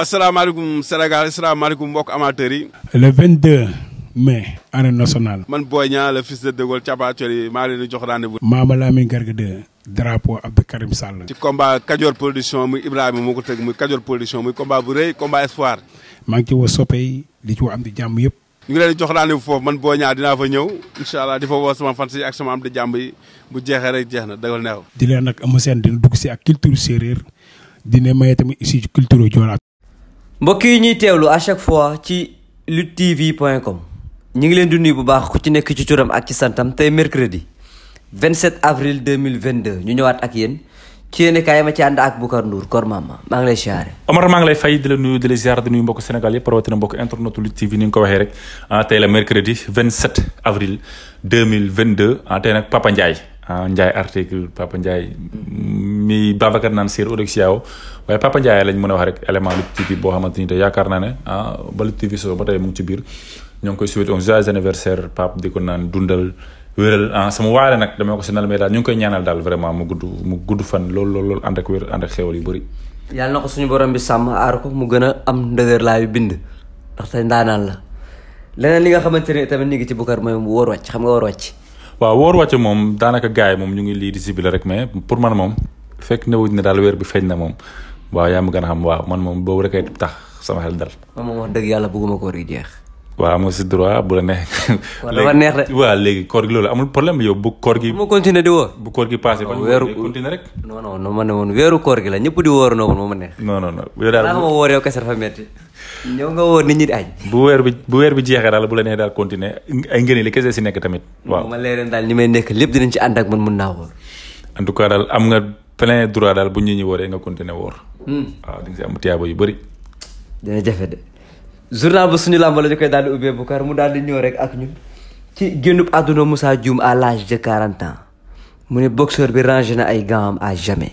asalaamaaleykum Sénégal asalaamaaleykum mbokk amateur yi. le 22 mais arène national man Boy Niang le de De Gaulle Thiapathioly maa leen di jox rendez-vous. Mama Lamine Garga 2 drapeau Ibrahima moo ko tëgg muy Kajoor production muy combat bu rëy combat espoir. ngi ci woo soppe yi di am di jàmm yëpp. ñu ngi leen jox rendez-vous man Boy Niang dinaa fa ñëw incha allah di fa woo sama fans yi ma am di jàmm yi bu jeexee rek jeex na dagal neew. di leen nag am seen dina dugg si ak culture séeréer dina maye tamit si culture Joola mbokk yi ñuy teewlu à chaque fois ci luttetv.com ñu ngi leen di nuyu bu baax ku ci nekk ci turam ak ci santam tey mercredi 27 avril 2022 ñu ñëwaat ak yéen ci yéen kaay ma ci ànd ak Boucar Ndour Kor Mama maa ngi lay siyaare Omar maa ngi lay fay di la nuyu di la ziar di nuyu mbokk Sénégal yëpp rawatina mbokk internetu Lutte TV ni nga ko waxee rek ah, tey la mercredi 27 avril 2022 ah, tey nag Papa Ndiaye ah, Ndiaye article Papa Ndiaye mi Babacar naan Sir Oudek Siao waaye Papa Ndiaye lañ mën a wax rek élément Lutte TV boo xamante ni te yaakaar naa ne ah ba Lutte TV soo ba tey mu ngi koy souhaité un joyeux anniversaire Pape di ko naan dundal wéral ah sama waay nag dama ko si nal mais daal ñu ngi koy ñaanal daal vraiment mu gudd mu gudd fan lool lool lool ànd ak wér ànd ak xéwal yu bëri. yàlla na ko suñu borom bi sàmm aar ko mu gën a am ndëgër laayu bind ndax tey ndaanaan la leneen li nga xamante ne tamit ñu ngi ci Boucar mooy wóor wàcc xam nga wóor moom daanaka gars yi moom ñu ngi lii di rek mais pour man moom fekk na wuñ ne daal weer bi feeñ na moom waaw yaa ma gën a xam waaw man moom boobu rek tax sama xel dal. ma si droit bu la neex. dafa neex de waaw léegi koor gi bu koor gi. mu continuer bu koor gi passé ba weeru continuer rek. non non koor gi la ñëpp di moo ma neex. non non non yow daal bu weer bi bu weer jeexee daal bu la neex daal continuer ay ngeen li kese si nekk tamit. waaw ma leen daal ñi may nekk lépp ci ànd ak man mun plein droit daal bu ñu ñu wooree nga continuer woor. Hmm. waaw di nga am tiyaaba yu bëri. dina jafe de journal ba suñu làmb la ñu koy daal di ubbee Boucar mu daal di ñëw rek ak ñu ci génnub àdduna Moussa Dioum à l'âge de quarante ans mu ne boxeur bi rangé na ay gants à jamais.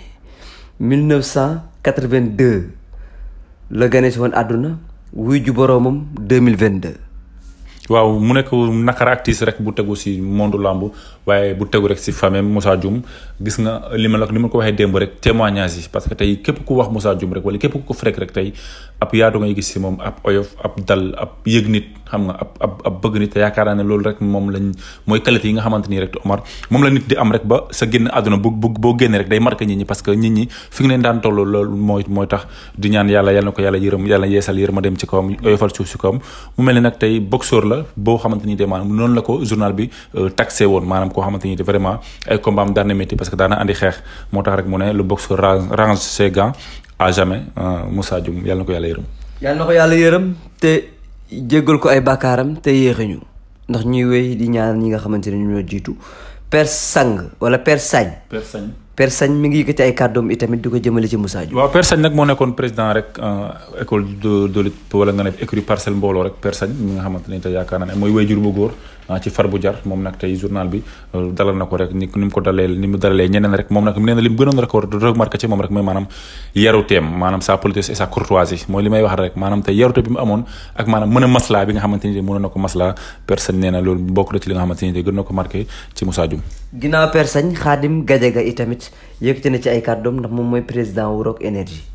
1982 la gane si woon àdduna wuy ju boroomam 2022. waaw mu nekk naqar artiste rek bu tegu si monde làmb waaye bu tegu rek si fame Moussa Dioum gis nga li ma la li ma ko waxee demb rek témoignage yi parce que tey képp ku wax Moussa Dioum rek wala képp ku ko frek rek tey ab yaatu ngay gis si moom ab oyof ab dal ab yëg nit xam nga ab ab ab bëgg nit te yaakaar naa ne loolu rek moom lañ mooy qualité yi nga xamante rek moom la di am rek ba sa génn àdduna bu bu boo génnee rek day marqué nit ñi parce que nit ñi fi nga leen daan toll loolu mooy mooy tax di ñaan yàlla yàlla koo am daan na métti parce que euh, na ko yàlla yërëm yàlla na ko yàlla yërëm te jéggal ko ay bàkkaaram te yéexañu ndax ñuy wéy di ñaan ñi nga xamante ne ñu ñoo jiitu Père Sang wala per sañ Père Sagne mi ngi yëkkati ay kàddoom itamit di ko jëmale ci Moussa Diouf. waaw Père Sagne nag moo nekkoon président rek euh, école de de lutte nga ne écurie parcelle mbooloo rek Père Sagne mi nga xamante ne te yaakaar naa ne mooy wéyjur bu góor. Ah, ci far bu jar moom nag tey journal bi euh, dalal na ko rek ni ko dalee ni mu dalalee ñeneen rek moom nag nee na li gënoon rek remarqué ci moom rek mooy maanaam yaruteem maanaam sa a na ko maslaa personne nee na loolu bokk na ci li nga xamante ni gën na ko marqué ci Moussa Dioum ginnaaw personne Khadim Gadiaga itamit ay kàddoom ndax moom mooy président wu Rock Énergie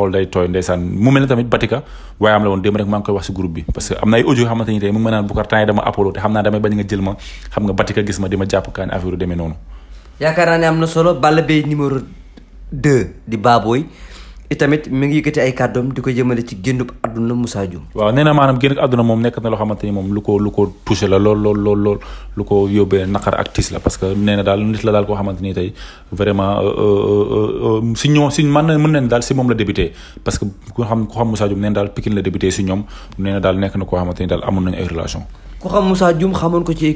xol day tooy ndeysaan mu mel ne tamit Batika waaye am la woon démb rek maa ngi koy wax si groupe bi parce que am na ay audio yoo xamante ni tey mu ngi ma naan Boucar temps yi dama apollo te xam naa damay bañ nga jël ma xam nga Batika gis ma di ma jàpp kaan affaire yu noonu yaakaar naa ne am na solo Balla Beye numéro 2 di Baboy itamit mi ngi yëkkati ay kàddoom di ko jëmale ci génnub àdduna Moussa Dioum waaw nee na maanaam génn àdduna moom nekk na loo xamante ni moom lu ko lu ko touché la lool lool lool lool lu ko yóbbee naqar ak tiis la parce que nee na daal nit la daal koo xamante ni tey vraiment euh, euh, euh, si ñoom man na mën nañ daal si moom la débuté parce que ku xam ku xam Moussa Dioum nee na daal Pikine la débuté si ñoom nee na daal nekk na koo xamante ni daal amoon nañu ay relation ku xam Moussa Dioum xamoon ko ci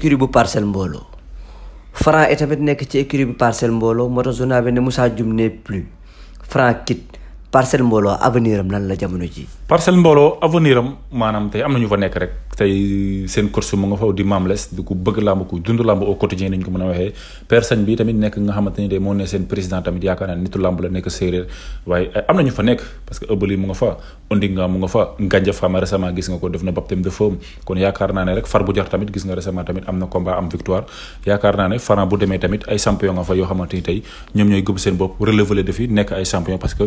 ne Moussa Dioum n'est plus Franc parcelle mbooloo avenir am maanaam tey am na ñu fa nekk rek tey seen course mu nga faw di maamles di ko bëgg làmb ku dund làmb au quotidien nañ ñu nga fa ondinga mu nga fa gis nga ko def na baptême de feu kon yaakaar naa ne rek bu jar tamit gis nga récemment tamit am na combat am victoire yaakaar naa ne faran bu demee tamit ay champion nga fa yoo xamante tey ñoom ñooy gëm seen bopp relever le défi nekk ay champion parce que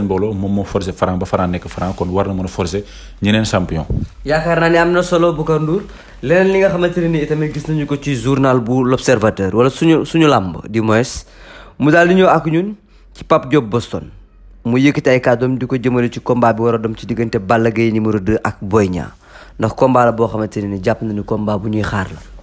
seen mbooloo moom moo forcé Franc ba Franc nekk Franc kon war na mën a forcé ñeneen champion. yaakaar naa ne am na solo Boucar Ndour leneen li nga xamante ne nii tamit gis nañu ko ci journal bu l'Observateur wala suñu suñu làmb du moins mu daal di ñëw ak ñun ci Pape Diop Boston. mu yëkkati ay kàddoom di ko jëmale ci combat bi war a dem ci diggante Balla Gaye numéro 2 ak Boy ndax combat la boo xamante ne ni jàpp na ni bu ñuy xaar la.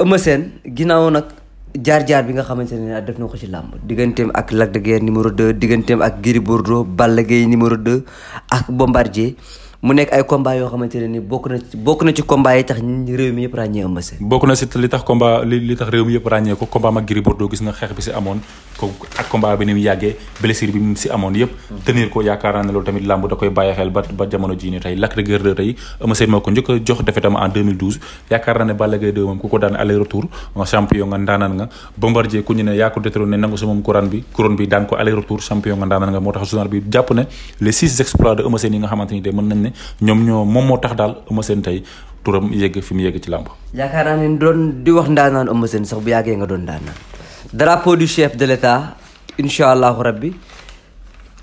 Eumeu Sène ginnaaw nag jaar-jaar bi nga xamante ne def na ko ci làmb digganteem ak Lac de Guiers numéro 2 digganteem ak Gris doo Balla Gaye numéro 2 ak Bombardier mu nekk ay combat yoo xamante ne ni bokk na ci bokk mi yëpp ràññee Eumeu bokk na si li tax combat li tax réew mi yëpp ràññee ko combat mag Gris Bordeaux gis nga xeex bi si amoon ko ak combat bi ni mu yàggee blessure bi mu si amoon yëpp mm. tenir ko yaakaaraan loolu tamit làmb da koy bàyyi xel ba jamono jii tey Lac de Guiers 2 tey Eumeu moo ko njëkk jox defetam en 2012 yaakaar naa ne moom ku ko daan aller retour champion nga ndaanaan nga Bombardier ku ñu yaa ne ñoom ñoo moom moo tax daal Eumeu Sène tey turam yegg fi mu yegg ci làmb yaakaar naa ne doon di wax ndaanaan Eumeu Sène sax bu yàggee nga doon ndaanaan drapeau du chef de l'état incha allahu rabbi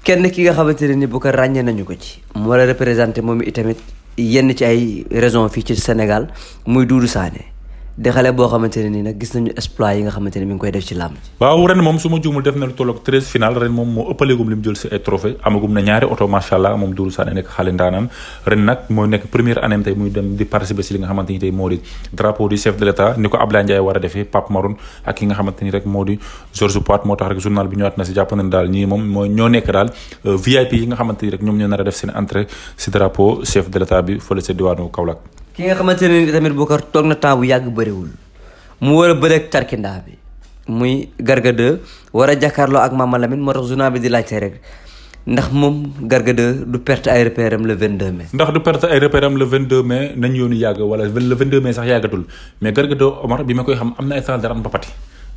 kenn ki nga xamante ne ni bu ko ràññee nañu ko ci moo la représenté moom itamit yenn ci ay raison fii ci Sénégal muy Doudou Sané di xale boo xamante ne nii nag gis nañu exploit yi nga xamante ne mi ngi koy def ci làmb ji waaw ren moom su ma juumul def moo ëppalegum li mu jël si ay trophée amagum na ñaari oto macha allah moom Doudou Sané di participer nga xamante ni tey moo di drapeau du chef de l'état ni ko Abdoulaye Ndiaye war a defee Pape Maroun ak ki nga xamante ni rek moo di Georges Poit moo tax rek journal bi ñëwaat na si jàpp na daal ñii moom mooy ñoo nekk daal euh, VIP yi nga xamante ni rek ñoom ñoo nar a def seen entrée si drapeau chef de l'état bi fële sa ki nga xamante ne ni boo Boucar toog na temps bu yàgg bëriwul mu war a bëreeg tarkindaa bi muy Garga 2 war a jàkkaarloo ak Mama Lamine moo tax journal bi di laajte rek ndax moom Garga 2 du perte ay repère am le 22 ndax du perte ay repère am le 22 mai yoonu yàgg wala le 22 sax yàggatul mais Garga 2 Omar bi ma koy xam am na ay dara am ba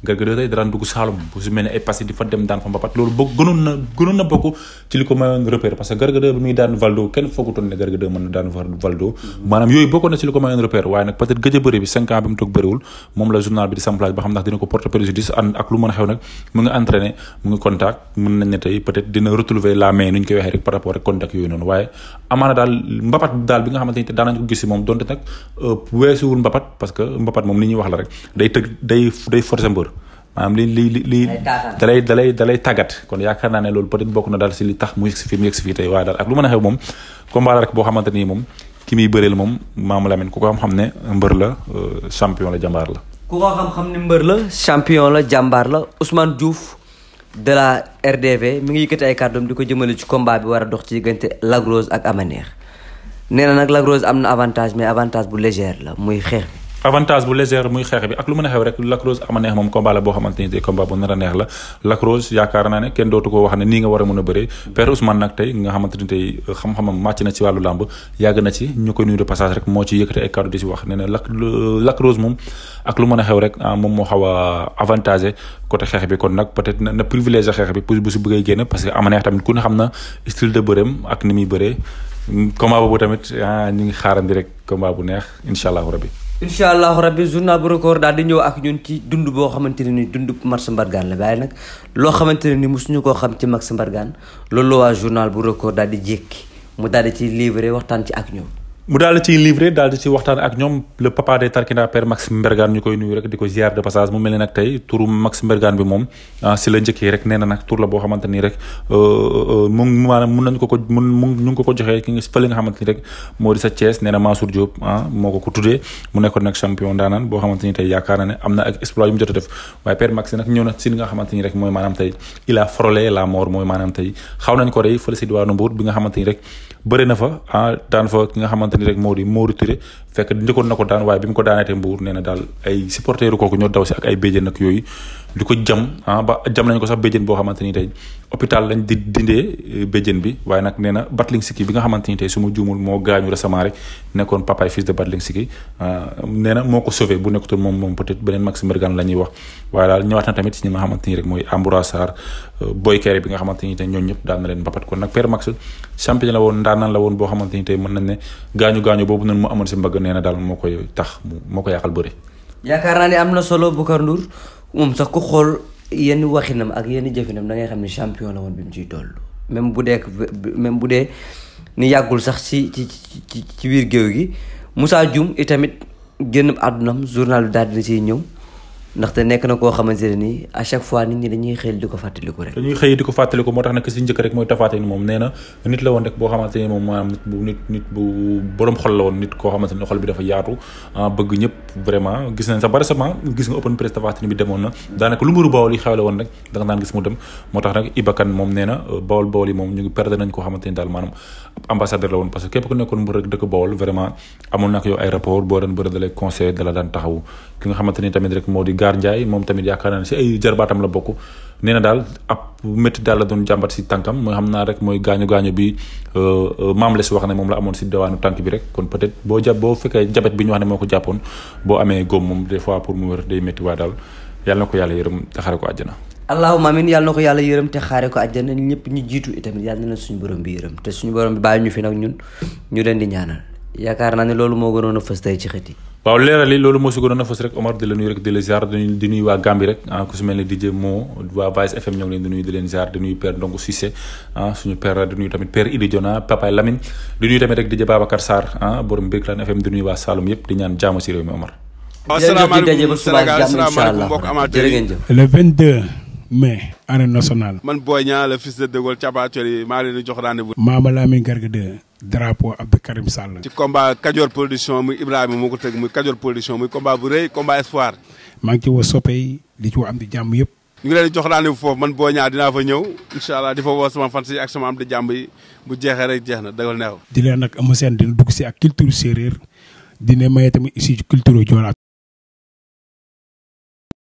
garga tey daraan dugg Saalum bu si mel ne ay passé di fa dem daan fa mbapat loolu bokk gënoon na gënoon na bokk ci li ko mayoon repère parce que garga bi muy daan Valdo kenn foogutoon ne garga mën na daan Valdo maanaam yooyu bokkoon ci li ko mayoon repère waaye nag peut être gëj a bi cinq bi mu toog bëriwul moom la journal bi di samplage ba xam ndax dina ko porter préjudice ak lu mën a xew nag mu ngi entraîné mu ngi contact mën nañ maanaam li li li li dalay dalay dalay tàggat kon yaakaar naa ne loolu peut être bokk na daal si li tax mu yëg si fi mu yëg si fii tey waaye daal ak lu mën a xew moom combat la rek boo xamante moom ki muy bëreel moom Maama Lamine ku ko xam-xam ne mbër la euh, champion la jàmbaar la ku ko xam ne mbër la champion la jàmbaar la Ousmane Diouf de la RDV mi ngi yëkkati ay kàddoom di ko jëmale ci combat bi war a dox ci diggante Lac Rose ak Amanekh nee na nag lagros am na avantage mais avantage bu léger la muy xeex avantage bu légère muy xeex bi ak lu mën a xew rek Lac Rose ama a neex la Lac Rose yaakaar naa ko wax a mën a bëree Père Ousmane nag tey nga xamante ni tey xam-xamam màcc na ci wàllu làmb yàgg na ci ñu koy nuyu de passage rek moom ak lu mën a ah, moom moo xaw a avantagé côté xeex bi kon nag peut-être na privilégié xeex bi pour bu si bëggee génn parce que ama neex tamit ku ne xam na style de bëreem ak ni tamit ah, ñu ngi xaaral xaarandi rek combat bu neex incha allahu rabbi incha allahu rabbi journal bu record daal di ñëw ak ñun ci dund boo xamante ne ni dund Max Mbargane la waaye nag loo xamante ne ni mosuñu koo xam ci Max Mbargane loolu la waa journal bu record daal di jékki mu daal di ci livré waxtaan ci ak ñoom mu daal di ciy livré daal di ci waxtaan ak ñoom le papa des Tarkinda père Max Mbergane ñu koy nuyu rek di ko ziar de passage mu mel nag tey turu Max Mbergane bi moom ah, si nag euh, euh, ko ko mun ki nga fële rek ah, a def waaye père Max nag ñëw na si li nga xamante ni rek mooy maanaam tey il a frôlé la mort mooy maanaam tey xaw nañ ko rey fële si diwaanu Mbour bi nga xamante rek bëri fa ah, daan fa ki nga xamante xamante ni rek moo di Mori Touré fekk njëkkoon na ko daan waaye bi mu ko daanee te Mbour nee na daal ay supporteru kooku ñoo daw si ak ay béjjén na yooyu di ko jam ah ba jam nañ ko sax béjjén boo xamante ni tey hôpital lañ di dindee eh, béjjén bi waaye nag nee na Batling bi nga xamante ni su ma juumul moo gaañu récemment rek nekkoon papaay fils de Batling Siki ah, nee moo ko sauvé bu nekkutoon moom moom peut-être beneen Maxime Mergan la ñuy wax waaye daal ñëwaat na tamit si ñi nga xamante ni rek mooy Amboura Sarr eh, Boy bi nga xamante ni tey ñëpp daan na leen mbapat kon nag Père Max champion la woon ndaanaan la woon boo xamante ni tey mën nañ ne gaañu gaañu boobu ko yàqal bëri moom sax ku xool yenn waxinam ak yenn jëfinam da ngay xam ne champion la woon bi mu ciy toll même bu dee même bu dee ni yàggul sax ci ci ci ci biir géew gi Moussa Dioum itamit génn àddunam journal bi daal dina siy ñëw ndaxte nekk na koo xamante ne nii à chaque fois nit ñi dañuy xëy di ko fàttaliku rek dañuy xëy di ko fàttaliku moo tax nag si njëkk rek mooy Tapha moom nee bawol bawol yi moom ñu ngi perdre nañ koo xamante daal maanaam ambassadeur la woon parce que képp ku nekkoon mbër rek dëkk bawol vraiment amoon nak yow ay boo daan bëri da lay daan taxaw ki nga xamante tamit rek Gaar Ndiaye moom tamit yaakaar naa ne si ay jarbaatam la bokk nee na daal ab métti daal la doon jàmbat si tànkam mooy xam naa rek mooy gaañu gaañu bi euh, euh, maam les wax ne moom la amee góom moom des fois pour mu wér day métti waa daal yàlla na ko yàlla yërëm te xare ko àjjana allahumma amin yàlla na ko yàlla yërëm te xaare ko àjjana ñëpp ñu jiitu itamit yàlla na suñu borom bi yërëm te suñu borom bi ñu fi nag ñun ñu leen di ñaanal yaakaar naa ne loolu a waaw leeral yi loolu moo si gënoon a fës rek Omar di la nuyu rek di la ziar di nuyu waa Gambie rek ah, ku si mel ne DJ Mo waa Vice FM ñoo ngi di nuyu di leen ziar di nuyu père Ndongo Cissé ah suñu père di nuyu tamit père Idi Diona papa Lamine di nuyu tamit rek DJ Babacar Sarr ah borom Birkelane FM di nuyu waa Saloum yëpp di ñaan jaamu si réew mi Omar. asalaamaaleykum Sénégal asalaamaaleykum mbokk amateur yi le 22 mai. arène nationale. man Boy Niang le fils de De Gaulle drapeau Abdou Karim Sall. ci combat Kajoor production muy Ibrahima moo ko tëgg muy Kajoor production muy combat bu rëy combat espoir. maa ngi ci woo soppe di ci woo am di jàmm yëpp. ñu ngi leen jox rendez-vous foofu man boo ñaar dinaa fa ñëw incha allah di fa woo sama fans yi ak sama am di jàmm yi bu jeexee rek jeex na dagal neex. di leen nag am seen dina dugg si ak culture séeréer dina maye tamit aussi culture joolaa.